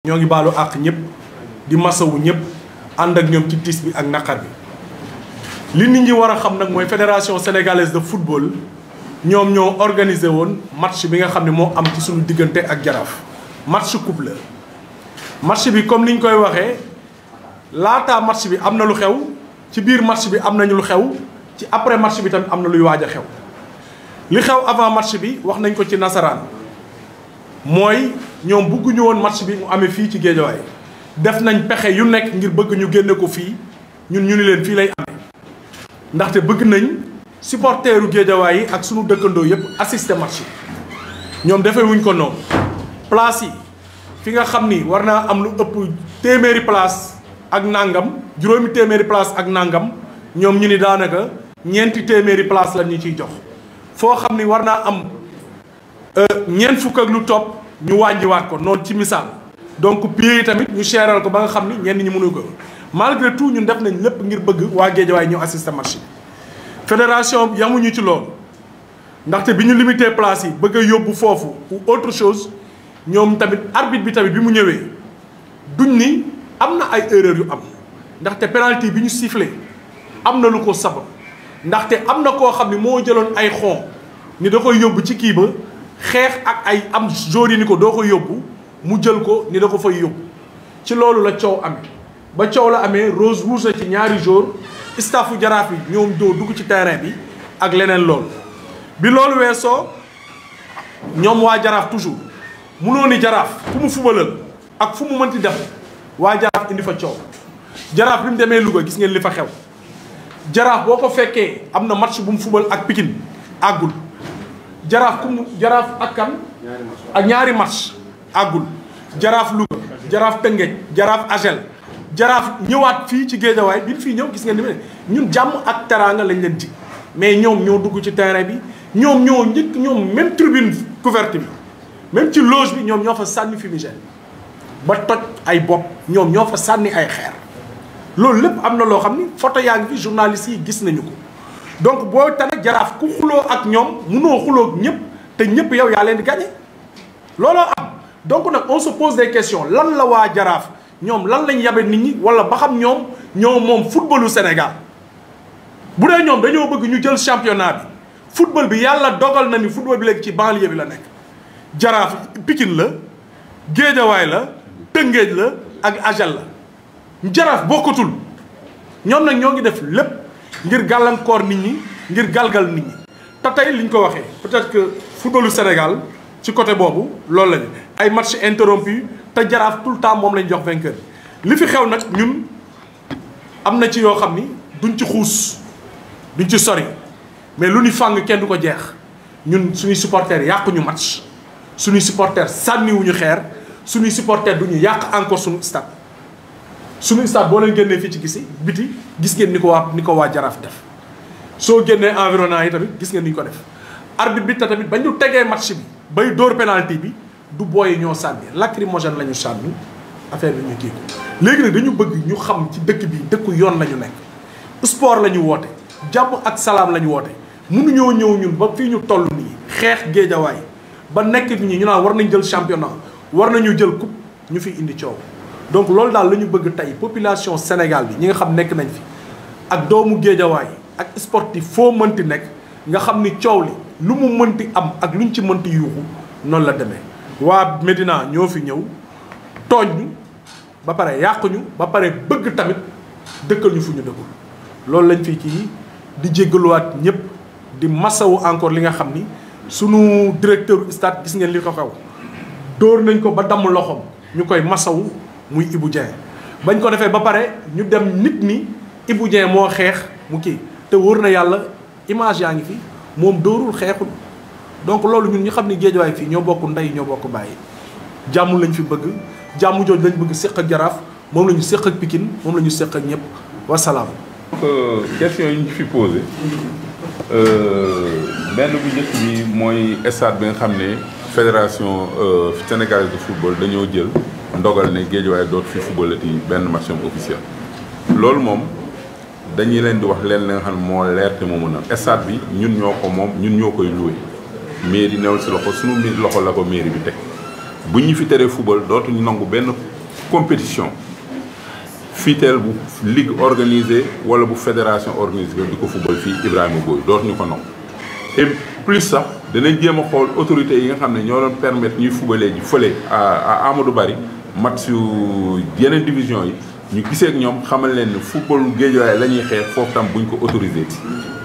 ñoo ngi baalu àq ñëpp di masawu ñëpp ànd ak ñoom ci tiis bi ak naqar bi li nit ñi war a xam nag mooy fédération sénégalaise de football ñoom ñoo organisé woon match bi nga xam ne moo am ci suñu diggante ak jaraaf. match coupe la match bi comme ni ñu koy waxee laata match bi am na lu xew ci biir match bi am nañu lu xew ci après match bi tamit am na luy waaj a xew li xew avant match bi wax nañ ko ci nasaraan mooy. ñoom bëgguñu woon match bi mu amee fii ci Géejawaay def nañ pexe yu nekk ngir bëgg ñu génne ko fii ñun ñu ni leen fii lay amee ndaxte bëgg nañ supporteeru Géejawaay yi ak sunu dëkkandoo yëpp assister match yi ñoom defee wuñ ko noonu place yi fi nga xam ni war naa am lu ëpp téeméeri place ak nangam juróomi téeméeri place ak nangam ñoom ñu ni daanaka ñeenti téeméeri place la ñu ciy jox foo xam ni war naa am euh, ñeent fukk ak lu topp ñu wàñjiwaat ko noonu ci misaal donc pieds yi tamit ñu seeral ko ba nga xam ni ñenn ñi mënu ko malgré tout ñun def nañ lépp ngir bëgg waa Géejawaay ñëw assister marché bi fédération yamuñu ci loolu ndaxte bi ñu limité place yi bëgg yóbbu foofu ou autre chose ñoom tamit arbitre bi tamit bi mu ñëwee duñ ni am na ay erreur yu am ndaxte penalty bi ñu sifflé am na lu ko sabab ndaxte am na koo xam ne moo jëloon ay xon ni da koy yóbbu ci kii ba xeex ak ay am jour yi ni ko doo ko yóbbu mu jël ko ni da ko fay yóbbu ci loolu la coow amee ba coow la amee rose rouge na ci ñaari jour staffu jaraaf yi ñoom doo dugg ci terrain bi ak leneen loolu bi loolu weesoo ñoom waa jaraaf toujours munoo ni jaraaf fu mu fubalal ak fu mu mënti def waa jaraaf indi fa coow jaraaf bi mu demee Louga gis ngeen li fa xew jaraaf boo ko fekkee am na match bu mu fubal ak Pikine àggul jaraaf kum jaraaf ak kan ak ñaari match àggul jaraaf Louga jaraaf Tëngéej jaraaf Agel jaraaf ñëwaat fii ci géejawaay bi fii ñëw gis nga ni mel ñun jàmm ak teraanga lañ leen ji mais ñoom ñoo dugg ci terrain bi ñoom ñoo njëkk ñoom même tribune couverte bi même ci loge bi ñoom ñoo fa sànni fumigène ba toj ay bopp ñoom ñoo fa sànni ay xeer loolu lépp am na loo xam ni photo yaa ngi fi journaliste yi gis nañu ko donc boo tane jaraaf ku xuloo ak ñoom munoo xuloo ak ñëpp te ñëpp yow yaa leen di gagné looloo am donc nag on se pose des questions lan la waa jaraaf ñoom lan lañ yabe nit ñi wala ba xam ñoom ñoom moom footballu Sénégal bu dee ñoom dañoo bëgg ñu jël championnat bi football bi yàlla dogal na ni football bi léegi ci banlieue bi la nekk jaraaf Pikine la géejawaay la tëngéej la ak ajal la jaraaf bokkatul ñoom nag ñoo ngi def lépp ngir gàllankoor nit ñi ngir galgal nit ñi. te tey liñ ko waxee peut-être que footballu Sénégal ci côté boobu loolu lañu ay match interrompu te jaraaf tout temps moom lañ jox vainqueur li fi xew nag ñun am na ci yoo xam ni duñ ci xuus duñ ci sori mais lu ñu fàng kenn du ko jeex ñun suñuy supporters yàquñu match suñuy supporters sànniwuñu xeer suñuy supporters duñu yàq encore suñu stade. suñu stade boo leen génnee fii ci gis gisi biti gis ngeen ni ko waa ni ko waa jaraaf def soo génnee environnement yi tamit gis ngeen ni ko def arbitre bi tamit ba ñu tegee match bi bay dóor penalty bi du booy ñoo sànni lacrymogène la ñu sànni affaire bi ñu kii ko léegi nag dañu bëgg ñu xam ci dëkk bi dëkku yoon la ñu nekk sport la ñu woote jàmm ak salaam la ñu woote mënuñoo ñëw ñun ba fii ñu toll nii xeex géejawaay ba nekk fi ñi ñu naan war nañ jël championnat war nañu jël coupe ñu fi indi coow donc loolu daal la ñu bëgg tey population Sénégal bi ñi nga xam nekk nañ fi ak doomu géejawaay ak sportif foo mënti nekk nga xam ni coow li lu mu mënti am ak lu ñu ci mënti yuuxu noonu la demee. waa Médina ñoo fi ñëw tooñ ñu ba pare yàquñu ba pare bëgg tamit dëkkal ñu fu ñu dëkkul loolu lañ fi kii di jéggaluwaat ñëpp di masawu encore li nga xam ni sunu directeur stade gis ngeen li ko xew dóor nañ ko ba damm loxoom ñu koy masawu. muy Ibou Dieng bañ ko defee ba pare ñu dem nit ni Ibou Dieng moo xeex mu kii te wóor na yàlla image yaa ngi fi moom dóorul xeexul donc loolu ñun ñu xam ne géejawaay fii ñoo bokk ndey ñoo bokk bàyyi jàmm lañ fi bëgg jàmm jooju lañ bëgg séq ak jaraaf moom la ñu séq ak Pikine moom la ñu séq ak ñëpp wasalaam. donc euh, question yi ñu fi posé euh, benn bu njëkk bi mooy estate bi nga xam ne fédération euh, sénégalaise de football dañoo jël. ndogal ne Guédiawaye dootu fi fubalati benn match officiel loolu moom dañuy leen di wax leen li xam ne moo leer te moo mën a stade bi ñun ñoo ko moom ñun ñoo koy loué mairie newul si loxo suñu mi loxo la ko mairie bi teg bu ñu fi teree fubal dootuñu nangu benn compétition fiteel bu ligue organisée wala bu fédération organisée di ko fubal fii Ibrahima Boye dootuñu ko nangu et plus sax danañ jéem a xool autorités yi nga xam ne ñoo doon permettre ñuy fubalee ji fële à Amadou Barry match yu yeneen division yi ñu gisee ak ñoom xamal leen ne football géejuwaay la ñuy xeex foofu tam buñ ko autorisé ci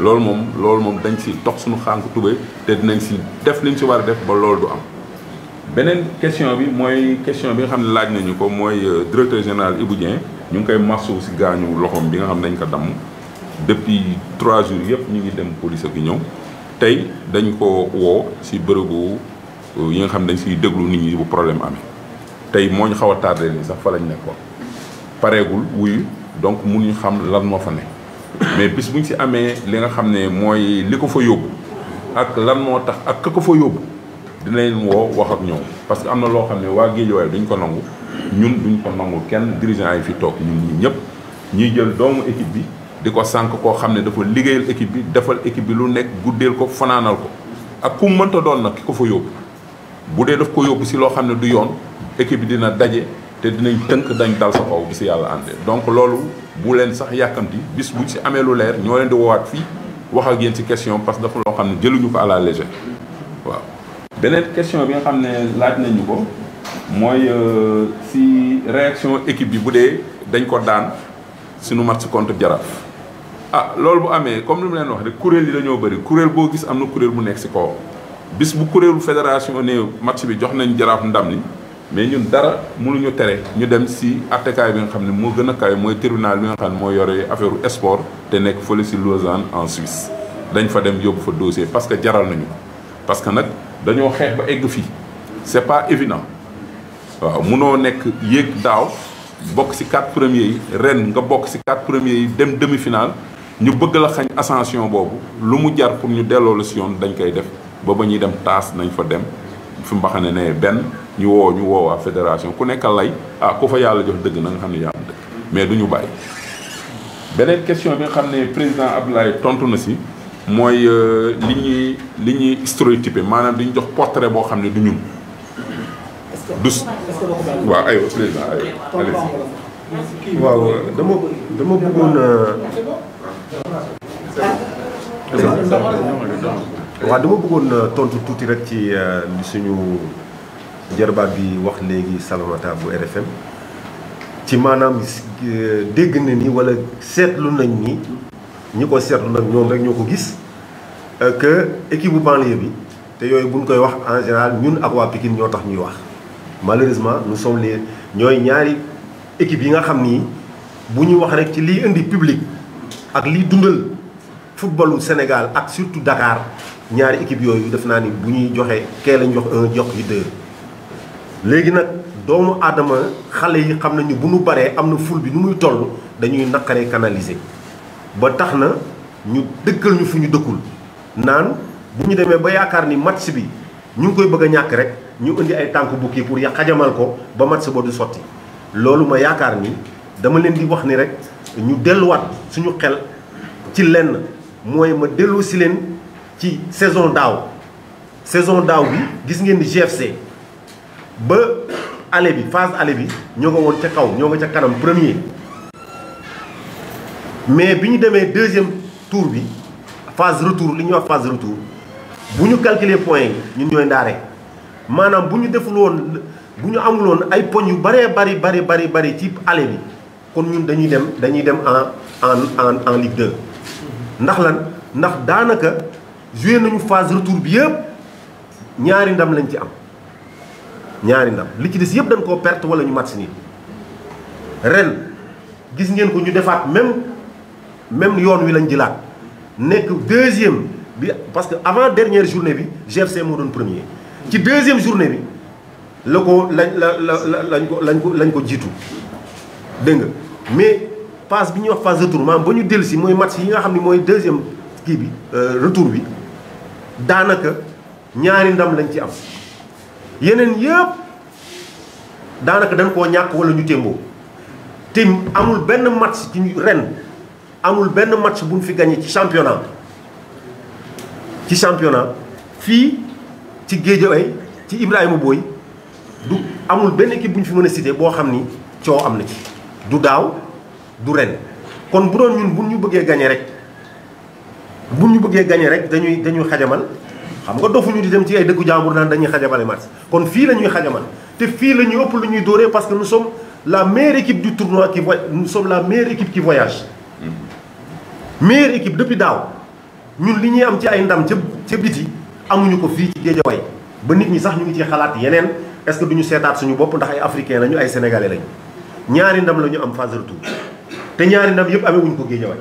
loolu moom loolu moom dañ si tox suñu xànk tubéy te nañ si def liñ si war a def ba loolu du am beneen question bi mooy question bi nga xam ne laaj nañu ko mooy euh, directeur général ibu Dieng ñu ngi koy masu si gaañu loxoom bi nga xam ne dañ ko damm depuis trois jours yëpp ñu ngi dem police ak ñëw tey dañ ko woo si bërëbu euh, yi nga xam ne dañ siy déglu nit problème amee tey moo ñu xaw a tardé nii sax fa lañ nekkoon pareegul wuyu donc mënuñu xam lan moo fa nekk mais bis bu ñu si amee li nga xam ne mooy li ko fa yóbbu ak lan moo tax ak ka ko fa yóbbu dinañ woo wax ak ñoom parce que am na loo xam ne waa Guédiawaye duñ ko nangu ñun duñ ko nangu kenn dirigeant yi fi toog ñun ñi ñëpp ñuy jël doomu équipe bi di ko sànq koo xam ne dafa liggéeyal équipe bi defal équipe bi lu nekk guddeel ko fanaanal ko ak ku mënta doon nag ki ko fa yóbbu bu dee daf ko yóbbu si loo xam ne du yoon équipe bi dina daje te dinañ tënk dañ dal sa kaw bi si yàlla àndee donc loolu bu leen sax yàkkamti bis bu si amee lu leer ñoo leen di woowaat fii wax ak yéen si question parce que dafa loo xam ne jëluñu ko à la légère beneen question bi nga xam ne laaj nañu ko mooy euh, si réaction équipe bi bu dee dañ ko daan suñu match contre Jaraaf. ah loolu bu amee comme lu mu leen wax kuréel yi dañoo bari kuréel boo gis am na kuréel bu nekk si kawam bis bu kuréelu fédération ne match bi jox nañ Jaraaf ndam li mais ñun dara mënuñu tere ñu dem si attekaay bi nga xam ne moo gën a kawe mooy tribunal bi nga xam ne moo yore affaire u sport te nekk fële si Lausanne en Suisse dañ fa dem yóbbu fa dossier parce que jaral nañu parce que nag dañoo xeex ba egg fii c'est pas évident waaw munoo nekk yéeg daaw bokk si quatre premier yi ren nga bokk si quatre premiers yi dem demi-finale ñu bëgg la xañ ascension boobu lu mu jar pour ñu delloo la si yoon dañ koy def ba ba ñuy dem taas nañ fa dem fi mbaxane ne benn ñu woo ñu woo fédération ku nekk lay ah ku fa yàlla jox dëgg na nga xam ne yaa dëgg mais duñu ñu bàyyi. beneen question bi nga xam ne président ab Abdoulaye tontu na si mooy euh, li ñuy li ñuy stéréotypé maanaam di jox portrait boo xam ne du ñun. du waaw aywa président aywa waaw dama dama euh, dama bëggoon euh, tontu tuuti rek ci li suñu. jarbaat bi wax léegi Salamata bu RFM ci maanaam euh, dégg na ni wala seetlu nañ ni ñi ko seetlu nag ñoom rek ñoo ko gis euh, que équipe bu banlieue bi te yooyu buñ koy wax en général ñun ak waa Pikine ñoo tax ñuy wax malheureusement nous sommes les ñooy ñaari équipe yi nga xam ni bu ñu wax rek ci liy indi public ak liy dundal footballu Sénégal ak surtout Dakar ñaari équipe yooyu def naa ni bu ñuy joxe kee lañ jox un jox léegi nag doomu aadama xale yi xam nañu bu nu baree am na ful bi nu muy toll dañuy naqare canaliser ba tax na ñu dëkkal ñu fu ñu dëkkul naan bu ñu demee ba yaakaar ni match bi ñu ngi koy bëgg a ñàkk rek ñu indi ay tànk bukki pour ya xajamal ko ba match ba du sotti loolu ma yaakaar ni dama leen di wax ni rek ñu delluwaat suñu xel ci lenn mooy ma dellu si leen ci saison daaw saison daaw bi gis ngeen ni GFC ba aller bi phase aller bi ñoo nga woon ca kaw ñoo nga ca kanam premier mais bi ñu demee deuxième tour bi phase retour li ñuy wax phase retour bu ñu calculer point yi ñun ñooy ndaare maanaam bu ñu deful bu ñu amuloon ay poñ yu bëree bari bari bari bari ci aller bi kon ñun dañuy dem dañuy dem en en en en Ligue 2 ndax lan ndax daanaka joué nañu phase retour bi yëpp ñaari ndam lañ ci am ñaari ndam li ci des yëpp dañ koo perte wala ñu mat si nii ren gis ngeen ko ñu defaat même même yoon wi lañ jëlaat nekk deuxième bi parce que avant dernière journée bi GFC moo doon premier. ci deuxième journée bi la ko lañ la la lañ ko lañ ko lañ ko jiitu dégg nga mais phase bi ñuy wax phase retour maanaam ba ñu dellu si mooy match yi nga xam ni mooy deuxième kii bi euh, retour bi daanaka ñaari ndam lañ ci am. yeneen yëpp daanaka dañ ko ñàkk walla ñu témboo te amul benn match ci ren amul benn match bu ñu fi gagné ci championnat ci championnat fii ci Guédiawaye ci Ibrahima booy du amul benn équipe bu ñu fi mën a cité boo xam ni coo am na ci du daaw du ren kon bu doon ñun bu ñu bëggee gagné rek bu ñu bëggee gagné rek dañuy dañuy xajamal xam nga dofuñu di dem ci ay dëkku jàmbur naan dañuy xajamale match kon fii la ñuy xajamal te fii la ñuy ëpp lu ñuy dóoree parce que nous sommes la meilleure équipe du tournoi qui voy nous sommes la meilleure équipe qui voyage. Mm-hmm. meilleure équipe depuis daaw ñun li ñuy am ci ay ndam ca ca biti amuñu ko fii ci Guédiawaye ba nit ñi sax ñu ngi ci xalaat yeneen est-ce que duñu seetaat suñu bopp ndax ay africain lañu ay sénégalais lañu ñaari ndam la ñu am phase retour te ñaari ndam yëpp amewuñ ko Guédiawaye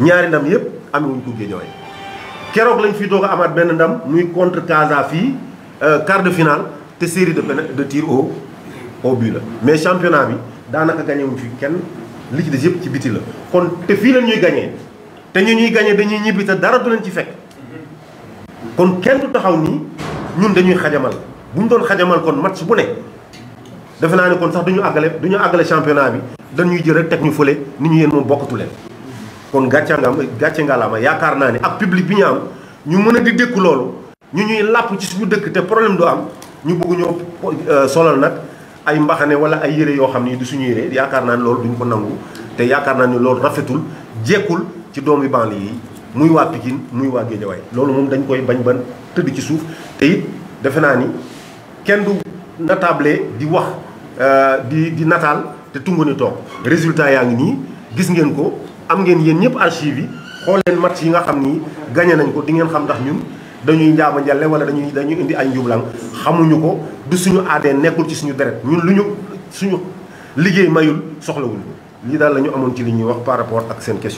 ñaari ndam yëpp amewuñ ko Guédiawaye keroog lañ fi doog amaat benn ndam muy contre Casa fii euh, quart de finale te série de pénal de tir au au la mais championnat bi daanaka gagné wuñ fi kenn li ci des yëpp ci biti la kon te fii la ñuy gañee te ñu ñuy gañee dañuy ñibbi te dara du leen ci fekk kon kenn du taxaw nii ñun dañuy xajamal bu ñu doon xajamal kon match bu ne defe naa ne kon sax du ñu àggale du ñu àggale championnat bi dañuy jël rek teg ñu fële ni ñu yéen moom bokkatu leen. kon gàcce nga am gàcce nga la ma yaakaar naa ne ak public bi ñu am ñu mën a di dékku loolu ñu ñuy làpp ci suñu dëkk te problème du am ñu bëgg ñoo euh, solal nag ay mbaxane wala ay yére yoo xam ni di suñu yére yaakaar naa ne loolu duñ ko nangu te yaakaar naa ne loolu rafetul jekkul ci doom doomi banlieue yi muy waa Pikine muy waa Guédiawaye loolu moom dañ koy bañ ban tëdd ci suuf te defe naa ni kenn du natable di wax euh, di di nataal te tungu ni toog résultat yaa ng nii gis ngeen ko am ngeen yéen ñëpp archive yi xool leen match yi nga xam ni gagné nañ ko di ngeen xam ndax ñun dañuy njaaba njale wala dañuy dañuy indi ay njublang xamuñu ko du suñu ADN nekkul ci suñu deret ñun lu ñu suñu liggéey mayul soxlawuñu lii daal la amoon ci li ñuy wax par rapport ak seen question